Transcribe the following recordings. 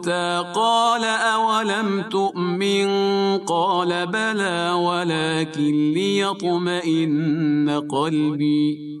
حتى قال أولم تؤمن قال بلى ولكن ليطمئن قلبي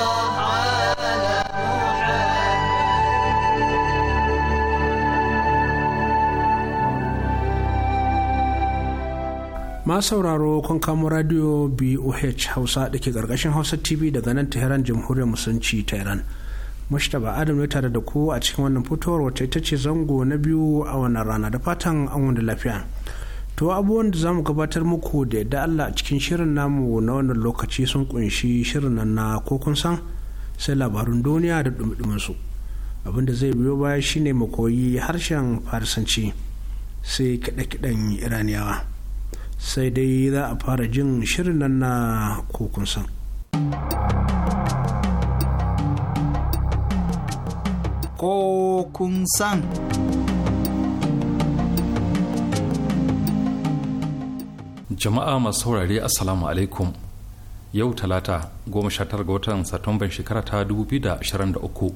masu sauraro kun kamo radio boh hausa da ke ƙarƙashin hausa tv daga nan tehran jamhuriyar musulunci ta iran mashtaba adam ne tare da ku a cikin wannan fitowar wata ita ce zango na biyu a wannan rana da fatan an wanda lafiya to abubuwan da zamu gabatar muku da yadda allah a cikin shirin namu na wannan lokaci sun kunshi shirin nan na ko kun san sai labarun duniya da dumi su abin da zai biyo baya shine mu koyi harshen farisanci sai kiɗe-kiɗen iraniyawa sai dai za a fara jin shirin nan na kokun san. Kokun san. Jama'a masu saurare Assalamu alaikum. Yau talata goma sha tara ga watan Satumban shekara ta 2023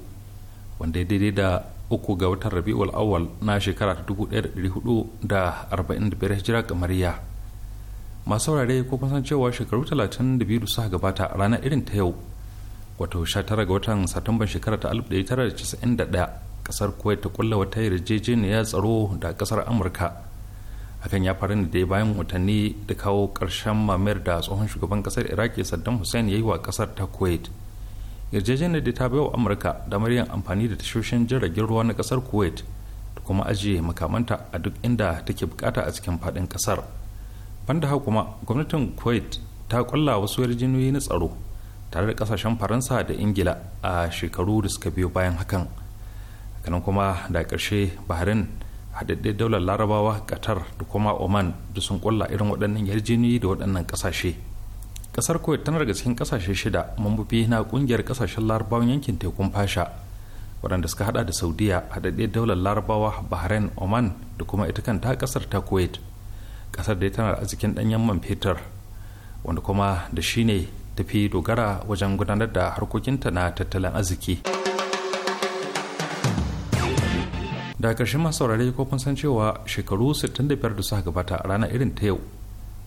wanda ya daidai da uku ga watan Rabi'ul Awwal na shekara ta 1445 Hijira ga kamariya. masu saurare ko kun san cewa shekaru 32 da suka gabata a ranar irin ta yau wato 19 ga watan satumban shekarar ta 1991 kasar kuwait ta kulla wata yarjejeniyar tsaro da kasar amurka hakan ya faru ne dai bayan watanni da kawo karshen mamayar da tsohon shugaban kasar iraki saddam hussein ya yi wa kasar ta kuwait yarjejeniyar da ta wa amurka damar yin amfani da tashoshin jiragen ruwa na kasar kuwait da kuma ajiye makamanta a duk inda take bukata a cikin faɗin kasar banda haka kuma gwamnatin kuwait ta kulla wasu yarjejeniyoyi na tsaro tare da kasashen faransa da ingila a shekaru da suka biyo bayan hakan hakanan kuma da karshe bahrain haɗaɗɗe daular larabawa qatar da kuma oman da sun kulla irin waɗannan yarjejeniyoyi da waɗannan ƙasashe ƙasar kuwait tana daga cikin ƙasashe shida mambobi na ƙungiyar ƙasashen larabawan yankin tekun fasha waɗanda suka hada da saudiya haɗaɗɗe daular larabawa bahrain oman da kuma ita kanta ƙasar ta kuwait kasar da tana arzikin danyen man fetur wanda kuma da shi ne tafi dogara wajen gudanar da harkokinta na tattalin arziki da ƙarshen masu saurare ko kun san cewa shekaru 65 da suka gabata a ranar irin ta yau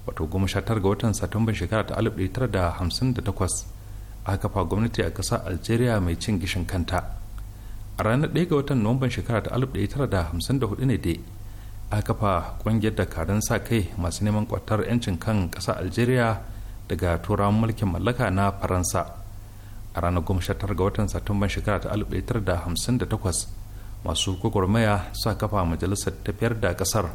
wato 19 ga watan satumban shekara ta 1958 a kafa gwamnati a ƙasar algeria mai cin gishin kanta a ranar 1 ga watan nuwamban shekara ta 1954 ne dai a kafa kungiyar dakarun sa kai masu neman kwatar 'yancin kan ƙasa algeria daga turawan mulkin mallaka na faransa a ranar 19 ga watan satumban shekara ta 1958 masu gwagwarmaya sa kafa majalisar tafiyar da ƙasar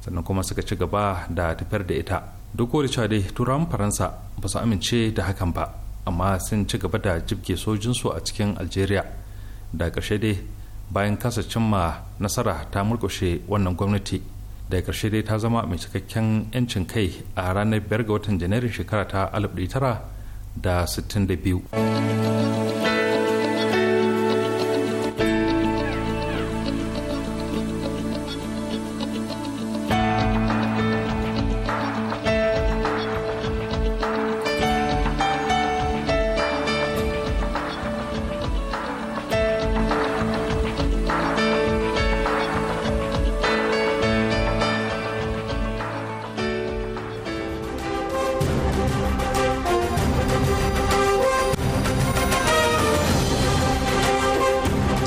sannan kuma suka ci gaba da tafiyar da ita duk da cewa dai turawan faransa ba su amince da hakan ba amma sun ci gaba da jibge sojinsu a cikin algeria da ƙarshe dai bayan kasa cimma nasara ta murkushe wannan gwamnati da ƙarshe dai ta zama mai cikakken 'yancin kai a ranar 5 ga watan janairun shekara ta 1962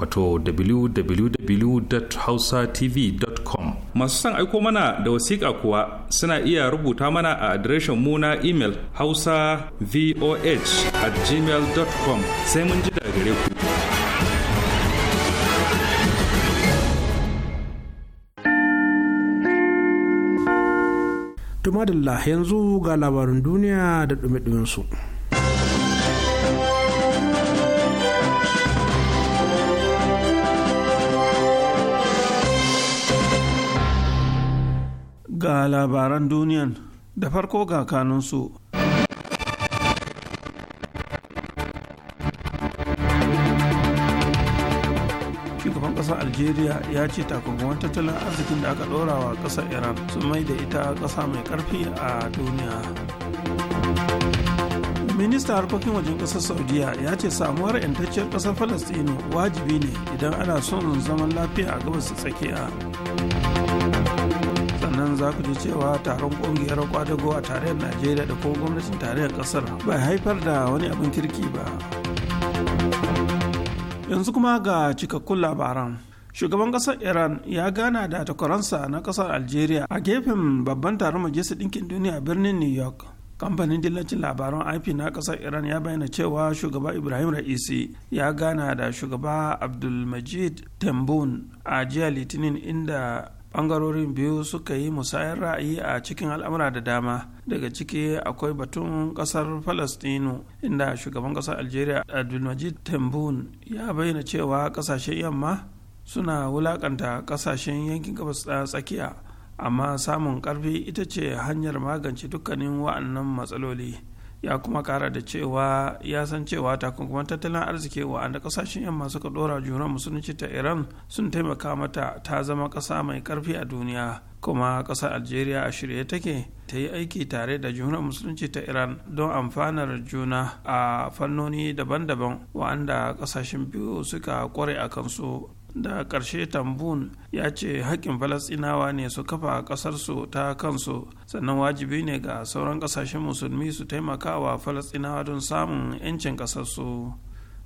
wato www.hausatv.com masu son aiko mana da wasiƙa kuwa suna iya rubuta mana a adireshin mu na imel hausa voh at gmail.com sai mun ji daga gare ku Tumadilla yanzu ga labarin duniya da ɗume su. labaran duniyan da farko ga kanunsu. shugaban kasar algeria ya ce takunkuman tattalin arzikin da aka ɗora wa kasar iran sun mai da ita kasa mai karfi a duniya minista harkokin wajen ƙasar saudiya ya ce samuwar 'yantacciyar ƙasar falastino wajibi ne idan ana son zaman lafiya a gabas tsakiya za ku ji cewa taron kungiyar kwadago a tarayyar najeriya da kuma gwamnatin tarayyar kasar bai haifar da wani abin kirki ba yanzu kuma ga cikakkun labaran shugaban kasar iran ya gana da takwaransa na kasar algeria a gefen babban taron majalisar ɗinkin duniya a birnin new york kamfanin dillacin labaran ip na kasar iran ya bayyana cewa shugaba ibrahim ra'isi ya gana da shugaba abdulmajid tambun a jiya litinin inda bangarorin biyu suka yi musayar ra'ayi a cikin al'amura da dama daga ciki akwai batun kasar falastinu inda shugaban kasar algeria abdulmajid tambun ya bayyana cewa kasashen yamma suna wulakanta kasashen yankin gabas tsakiya amma samun karfi ita ce hanyar magance dukkanin wa'annan matsaloli ya kuma kara da cewa ya san cewa takunkuman tattalin arziki wa'anda kasashen yamma suka dora juna musulunci ta iran sun taimaka mata ta zama kasa mai karfi a duniya kuma kasar algeria a shirye take ta yi aiki tare da juna musulunci ta iran don amfanar juna a fannoni daban-daban wa'anda kasashen biyu suka kware a kansu da ƙarshe tambun ya ce haƙƙin falasɗinawa ne su kafa ƙasarsu ta kansu sannan wajibi ne ga sauran ƙasashen musulmi su taimaka wa falasɗinawa don samun 'yancin ƙasarsu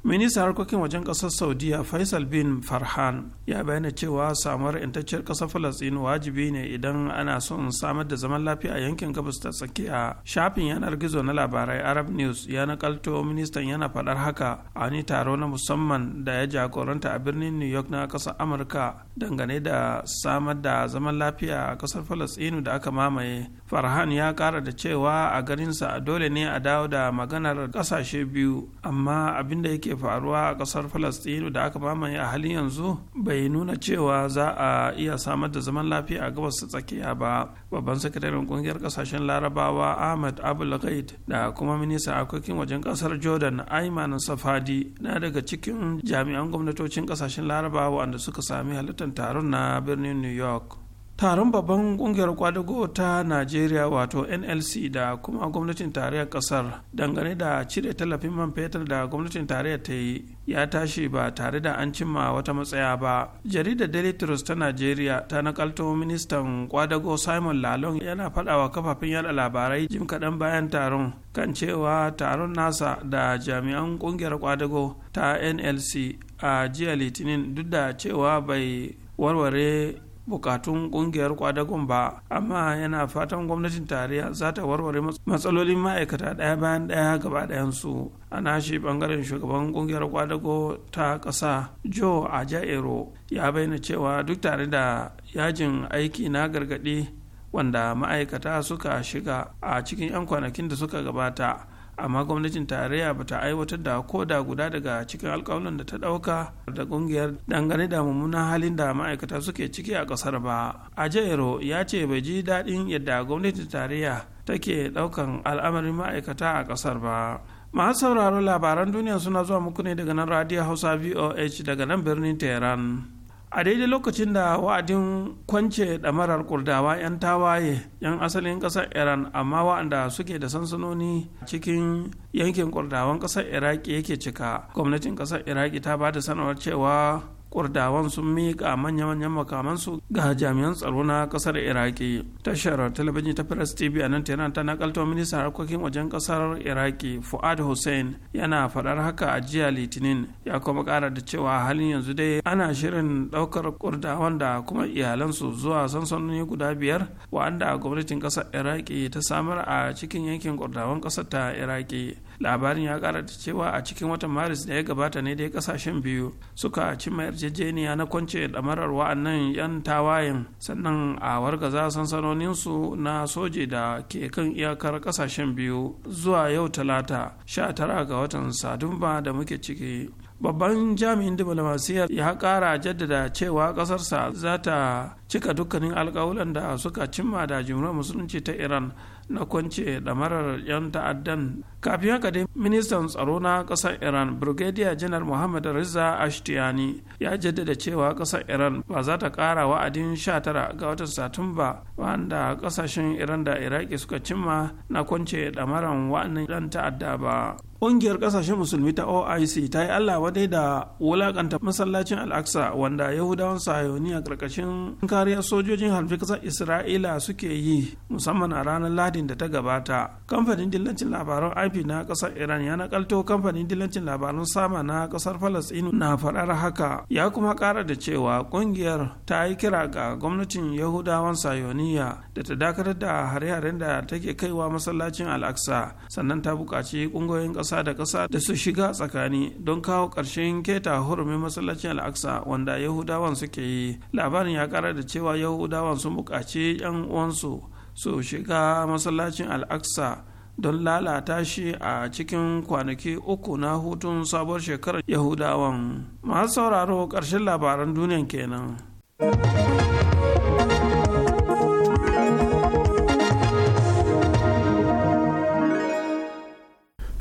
ministan harkokin wajen kasar saudiya faisal bin farhan ya bayyana cewa samar intacciyar kasar falastin wajibi ne idan ana son samar da zaman lafiya a yankin gabas ta tsakiya shafin yanar gizo na labarai arab news ya nakalto ministan yana faɗar haka a wani taro na musamman da ya jagoranta a birnin new york na kasar amurka dangane da samar da zaman lafiya a kasar falastinu da aka mamaye farhan ya kara da cewa a garinsa dole ne a dawo da maganar kasashe biyu amma abin da yake ke faruwa a kasar falastinu da aka mamaye a halin yanzu bai nuna cewa za a iya samar da zaman lafiya a gabas tsakiya ba babban sakataren kungiyar kasashen larabawa ahmad abul da kuma ministan harkokin wajen kasar jordan ayman safadi na daga cikin jami'an gwamnatocin kasashen larabawa wanda suka sami halittar taron na birnin new york taron babban kungiyar kwadago ta najeriya wato nlc da kuma gwamnatin tarayyar kasar dangane da cire tallafin man fetur da gwamnatin tarayyar ta yi ya tashi ba tare da an cimma wata matsaya ba jaridar daily trust ta najeriya ta nakalto ministan kwadago simon lalong yana faɗawa kafafen yada labarai jim kaɗan bayan taron kan cewa taron nasa da jami'an kungiyar kwadago ta nlc a jiya litinin duk da cewa bai warware bukatun kungiyar kwadagon ba amma yana fatan gwamnatin tarayya za ta warware matsalolin ma'aikata daya bayan daya gaba su a nashi bangaren shugaban kungiyar kwadago ta ƙasa joe ajaero ya bayyana cewa duk tare da yajin aiki na gargaɗi wanda ma'aikata suka shiga a cikin 'yan kwanakin da suka gabata amma gwamnatin tarayya ba ta aiwatar da ko da guda daga cikin alkawalin da ta ɗauka da ƙungiyar dangane da mummunan halin da ma'aikata suke ciki a ƙasar ba ajero ya ce bai ji daɗin yadda gwamnatin tarayya take ɗaukan al'amarin ma'aikata a ƙasar ba masu sauraro labaran duniya suna zuwa muku ne daga nan radio hausa voh daga nan birnin tehran a daidai lokacin da wa'adin kwance ɗamarar kurdawa 'yan tawaye 'yan asalin ƙasar iran amma wa'anda suke da sansanoni cikin yankin kurdawan ƙasar iraki yake cika gwamnatin ƙasar iraki ta ba da sanarwar cewa kurdawan sun miƙa manya-manyan makamansu ga jami'an tsaro na ƙasar iraki tashar talabijin ta press tv a nan yana ta nakalto ministan harkokin wajen ƙasar iraki fuad hussein yana faɗar haka a jiya litinin ya kuma ƙara da cewa halin yanzu dai ana shirin ɗaukar kurdawan da kuma iyalansu zuwa sansanoni guda biyar wa'anda gwamnatin ƙasar iraki ta samar a cikin yankin kurdawan ƙasar ta iraki labarin ya kara da cewa a cikin watan maris da ya gabata ne dai kasashen biyu suka cimma yarjejeniya na kwance damarar wa'annan 'yan tawayen sannan a wargaza sansanoninsu na soje da ke kan iyakar kasashen biyu zuwa yau talata 19 ga watan satumba da muke ciki babban jami'in diplomasiyya ya kara jaddada cewa kasarsa za ta cika dukkanin alkawulan da suka cimma da jimhuriyar musulunci ta iran na kwance ɗamarar 'yan ta'addan kafin haka dai ministan tsaro na ƙasar iran brigadier janar muhammad riza ashtiyani ya jaddada cewa ƙasar iran ba za ta ƙara wa'adin 19 ga watan satumba wanda ƙasashen iran da iraki suka cimma na kwance ɗamarar wa'annan 'yan ta'adda ba ƙungiyar ƙasashen musulmi ta oic ta yi allah wadai da wulakanta masallacin al'aqsa wanda yahudawan sayoni a ƙarƙashin kariyar sojojin harfi ƙasar isra'ila suke yi musamman a ranar ladin da ta gabata kamfanin dillancin labaran ip na ƙasar iran ya nakalto kamfanin dillancin labaran sama na ƙasar falastinu na faɗar haka ya kuma ƙara da cewa ƙungiyar ta yi kira ga gwamnatin yahudawan sayoniya da ta dakatar da hare-haren da take kaiwa masallacin al'aqsa sannan ta buƙaci ƙungiyoyin ƙasa ƙasa da ƙasa da su shiga tsakani don kawo ƙarshen keta hurumin masallacin al'aksa wanda yahudawan suke yi labarin ya kara da cewa yahudawan sun buƙaci 'yan uwansu su shiga masallacin al'aksa don lalata shi a cikin kwanaki uku na hutun sabuwar shekarar yahudawan masu sauraro ƙarshen labaran duniyan kenan.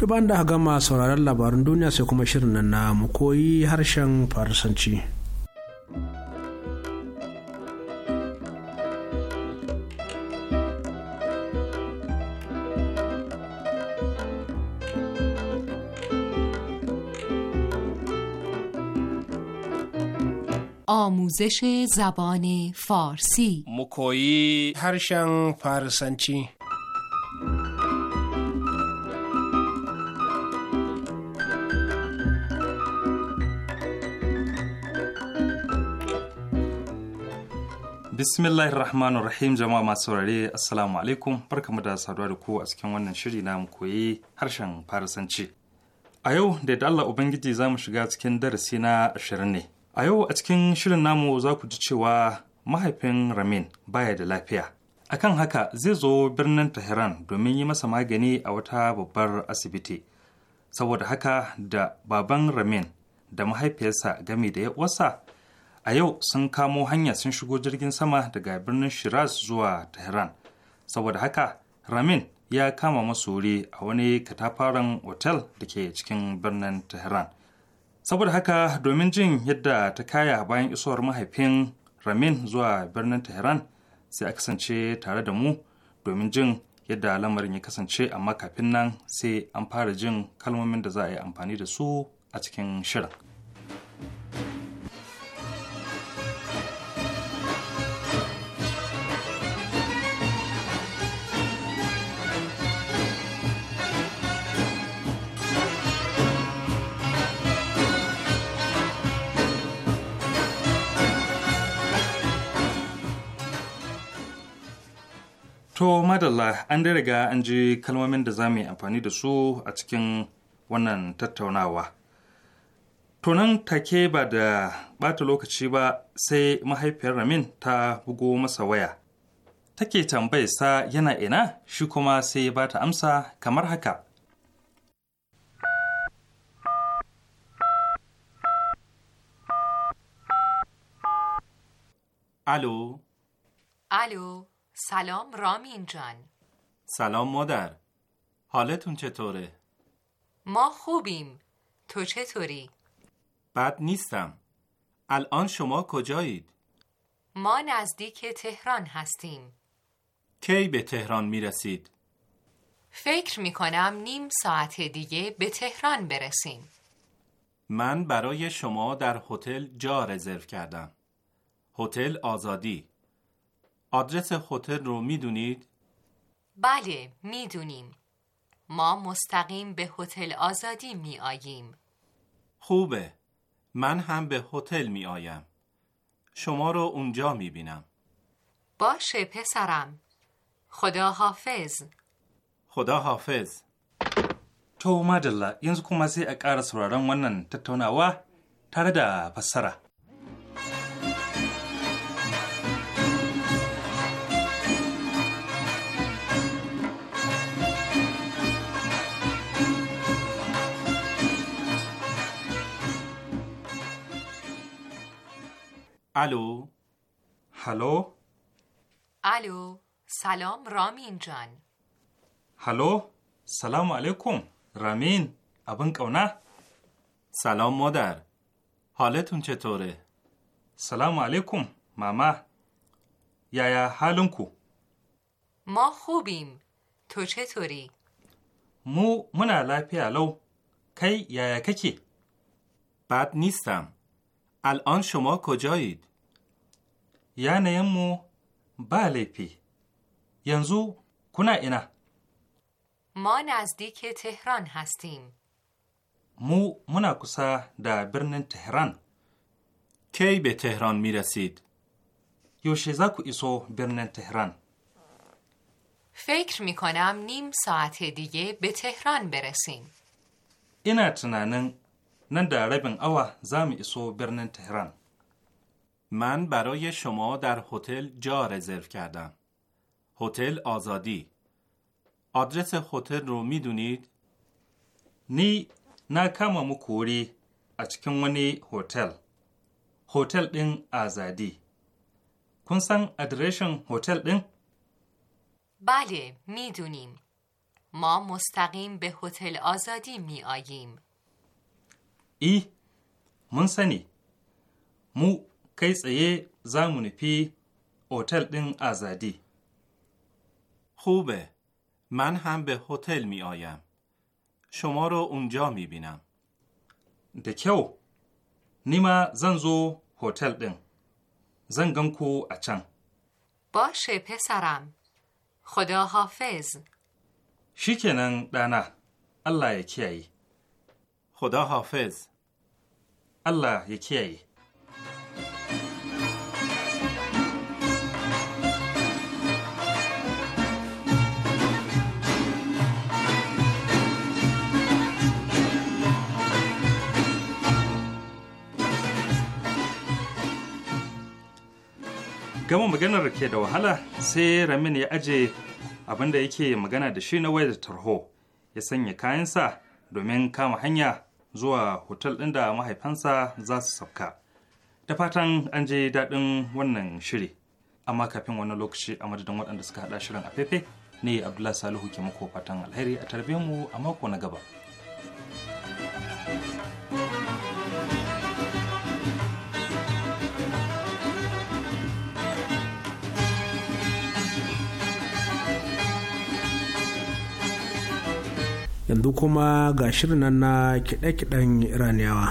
to da gama sauraron labarin duniya sai kuma shirin nan na mu koyi harshen farsanci آموزش زبان فارسی مکویی هرشن فارسنچی Bismillahir Rahmanir Rahim jama'a masu saurare Assalamu alaikum barkamu da saduwa da ku a cikin wannan shiri na mu koyi harshen Farisanci. A yau da da Allah Ubangiji za mu shiga cikin darasi na ashirin ne. A yau a cikin shirin namu za ku ji cewa mahaifin Ramin baya da lafiya. Akan haka zai zo birnin Tehran domin yi masa magani a wata babbar asibiti. Saboda haka da baban Ramin da mahaifiyarsa game da ya a yau sun kamo hanya sun shigo jirgin sama daga birnin shiraz zuwa tehran saboda haka ramin ya kama masu a wani katafaren otel da ke cikin birnin tehran saboda haka domin jin yadda ta kaya bayan isowar mahaifin ramin zuwa birnin tehran sai a kasance tare da mu domin jin yadda lamarin ya kasance amma kafin nan sai an fara jin kalmomin da za a yi amfani da su a cikin shirin To madalla an dai riga an ji kalmomin da za mu yi amfani da su a cikin wannan tattaunawa. tonan take ba da ɓata lokaci ba sai mahaifiyar Ramin ta bugo masa waya. Take tambayar sa yana ina shi kuma sai ba ta amsa kamar haka. Alo. Alo. سلام رامین جان سلام مادر حالتون چطوره؟ ما خوبیم تو چطوری؟ بد نیستم الان شما کجایید؟ ما نزدیک تهران هستیم کی به تهران می رسید؟ فکر می کنم نیم ساعت دیگه به تهران برسیم من برای شما در هتل جا رزرو کردم هتل آزادی آدرس هتل رو میدونید؟ بله میدونیم ما مستقیم به هتل آزادی می آییم خوبه من هم به هتل می آیم شما رو اونجا می بینم باشه پسرم خدا حافظ خدا حافظ تو madalla yanzu کو sai a ƙara wannan tattaunawa tare da fassara الو هلو الو سلام رامین جان هلو سلام علیکم رامین ابن کونه سلام مادر حالتون چطوره سلام علیکم ماما یایا حالون کو ما خوبیم تو چطوری مو منا لافیا لو کی یایا ککی بد نیستم الان شما کجایید؟ یعنی مو بله پی ینزو کنه اینه ما نزدیک تهران هستیم مو مناکسه در برن تهران کی به تهران می رسید؟ یوشیزاکو ایسو برن تهران فکر می کنم نیم ساعت دیگه به تهران برسیم. اینا تنانن نن در ربن اوه زم ایسو برنن تهران من برای شما در هتل جا رزرو کردم هتل آزادی آدرس هتل رو میدونید نی نا کما مو کوری اچکن ونی هتل هتل دین آزادی کنسان ادرشن هتل دین بله میدونیم ما مستقیم به هتل آزادی می آییم. ای من سنی مو کی تسیه مونی پی هتل دین آزادی خوبه من هم به هتل می آیم شما رو اونجا می بینم دکیو نیما زنزو هتل دین زنگم کو اچن باشه پسرم خدا حافظ شیکنن دانا الله یکیایی خدا حافظ Allah ya kiyaye. gama maganar ke da wahala sai ramin ya aje abinda yake magana da shi na wayar tarho ya sanya kayansa domin kama hanya zuwa hotel ɗin da mahaifansa za su sauka. Da fatan an je daɗin wannan shiri, amma kafin wani lokaci a madadin waɗanda suka haɗa shirin a fefe ne Abdullahi Salihu ke muku fatan alheri a tarbe mu a mako na gaba. yanzu kuma ga shirin nan na kiɗe-kiɗen iraniyawa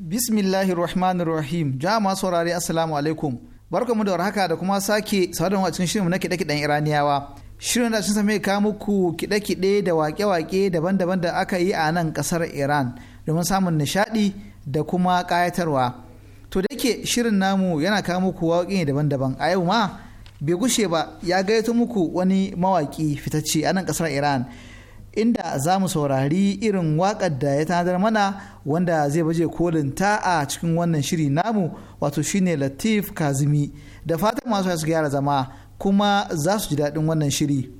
bismillahir rahmanir rahim jama saurari assalamu alaikum barkamu da warhaka da kuma sake sauran a shirin na kiɗe-kiɗen iraniyawa shirin da sun same ka muku kiɗe-kiɗe da wake wake daban-daban da aka yi a nan kasar iran domin samun nishadi da kuma kayatarwa to da yake shirin namu yana kawo muku waƙe daban-daban a yau ma bai gushe ba ya gayyato muku wani mawaƙi fitacce a nan kasar iran inda za mu saurari irin waƙar da ya tanadar mana wanda zai baje kolin ta a cikin wannan shiri namu wato shine latif kazimi da fatan masu su gyara zama kuma za su ji daɗin wannan shiri.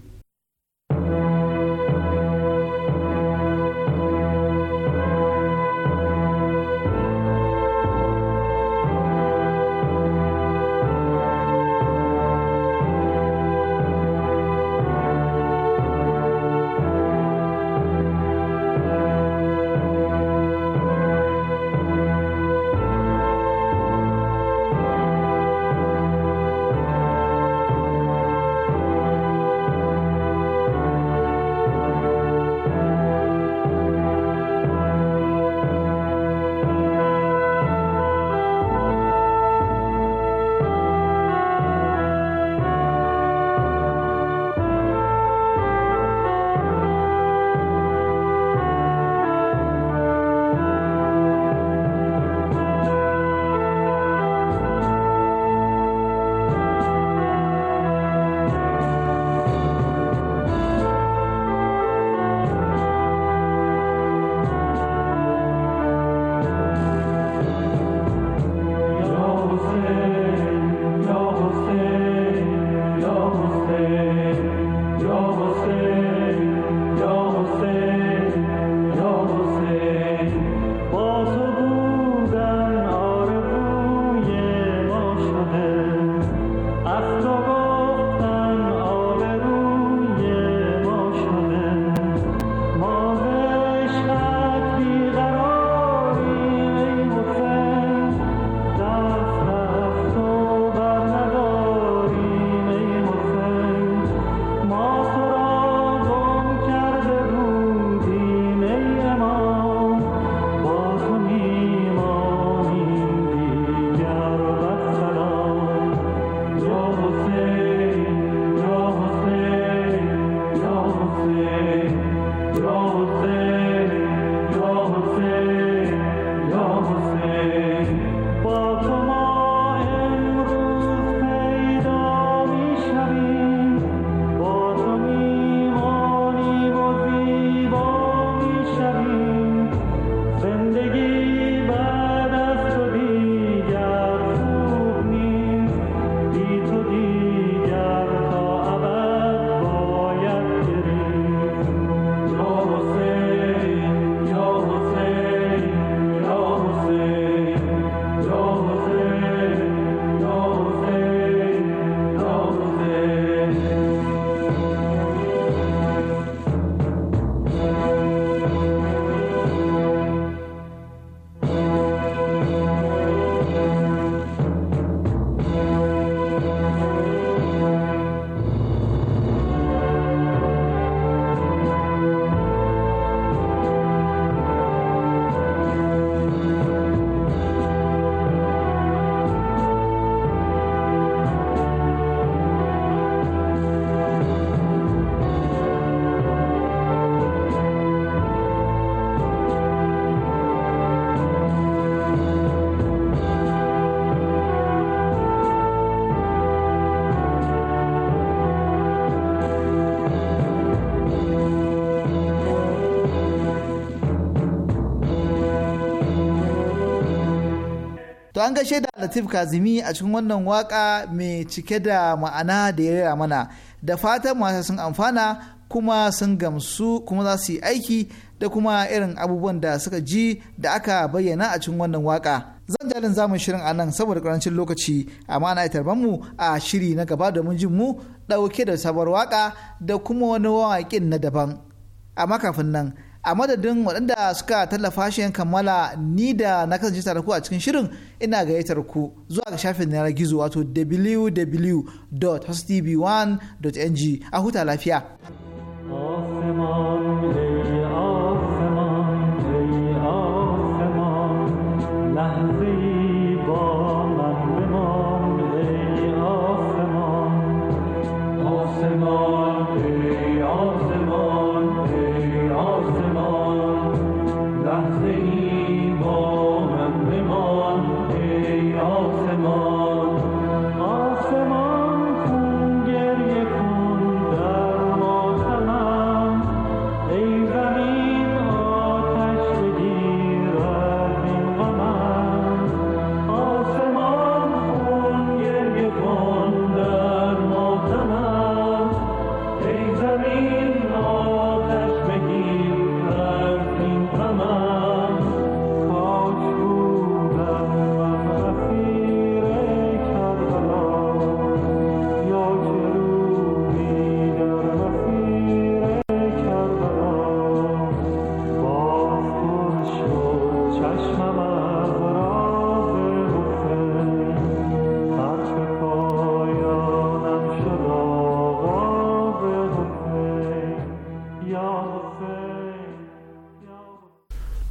Jose. an gaishe da Latif Kazimi a cikin wannan waka mai cike da ma'ana da ya rera mana da fatan masu sun amfana kuma sun gamsu kuma za su yi aiki da kuma irin abubuwan da suka ji da aka bayyana a cikin wannan waka. Zan jalin zamun shirin a nan saboda karancin lokaci amma na tarban mu a shiri na gaba domin jin mu ɗauke da sabuwar waka da kuma wani waƙin na daban. Amma kafin nan a madadin waɗanda suka tallafa shi kammala ni da na kasance tare ku a cikin shirin ina gayyatar ku zuwa ga shafin na gizo wato www.hostv1.ng a huta lafiya.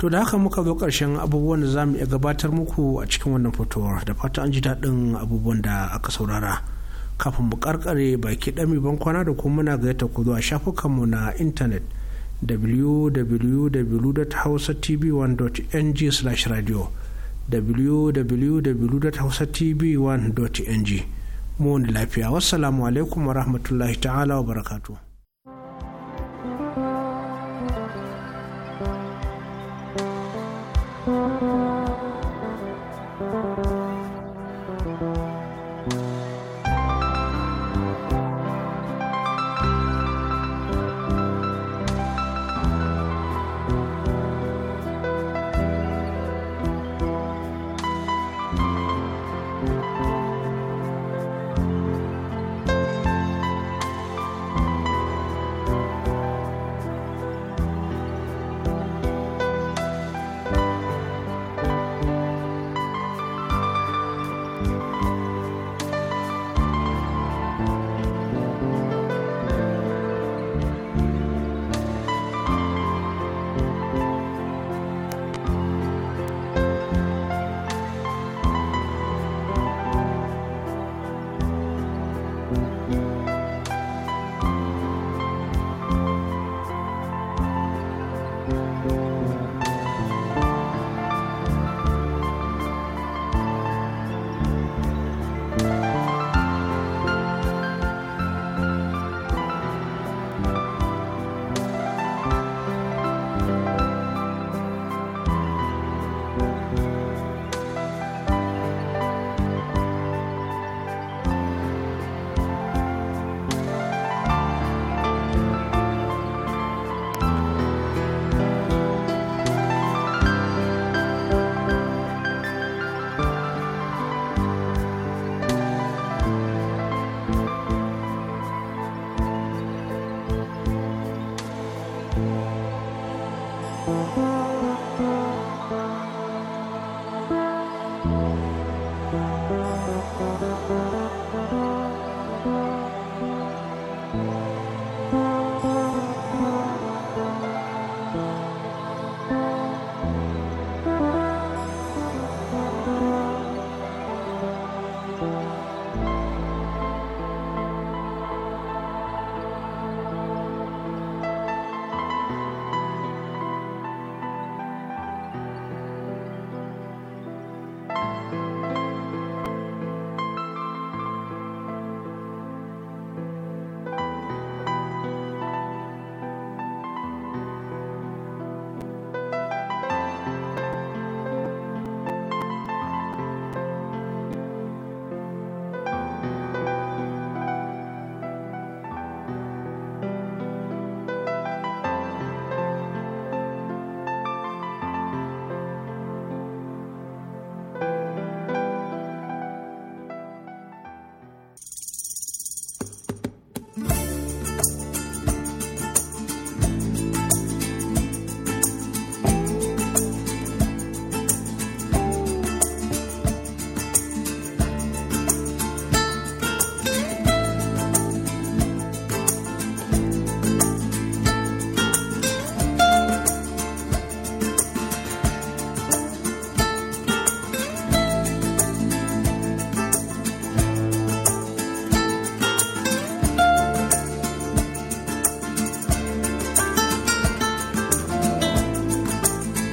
to da haka muka zo ƙarshen abubuwan da zamu iya gabatar muku a cikin wannan fitowar da fata an ji daɗin abubuwan da aka saurara kafin mu karkare baki ɗami ban kwana da kuma muna gayyata ku zuwa shafukanmu na intanet www.hausatv1.ng/radio www.hausatv1.ng mu wani lafiya wassalamu alaikum wa rahmatullahi ta'ala wa barakatu.